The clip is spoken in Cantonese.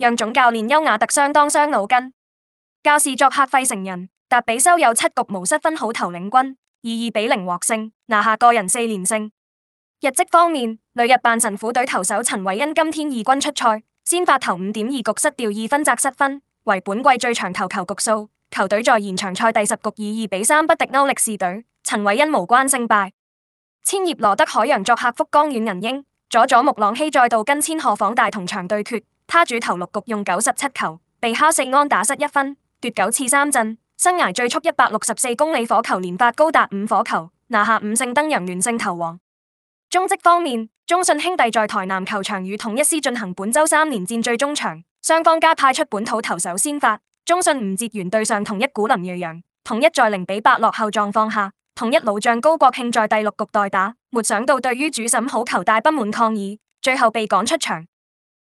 讓總教練優雅特相當傷腦筋，教士作客費城人，達比修有七局無失分好投領軍，以二比零獲勝，拿下個人四連勝。日職方面，旅日阪神虎隊投手陳偉恩今天二軍出賽，先發投五點二局失掉二分責失分，為本季最長投球局數。球隊在延長賽第十局以二比三不敵歐力士隊，陳偉恩無關勝敗。千葉羅德海洋作客福岡軟銀鷹，佐佐木朗希再度跟千賀滉大同場對決。他主投六局用九十七球，被敲四安打失一分，奪九次三振，生涯最速一百六十四公里火球，連發高達五火球，拿下五勝登人連勝投王。中職方面，中信兄弟在台南球場與統一獅進行本周三連戰最終場，雙方皆派出本土投手先發，中信吳哲源對上統一古林睿煬，統一在零比八落後狀況下，統一老將高國慶在第六局代打，沒想到對於主審好球大不滿抗議，最後被趕出場。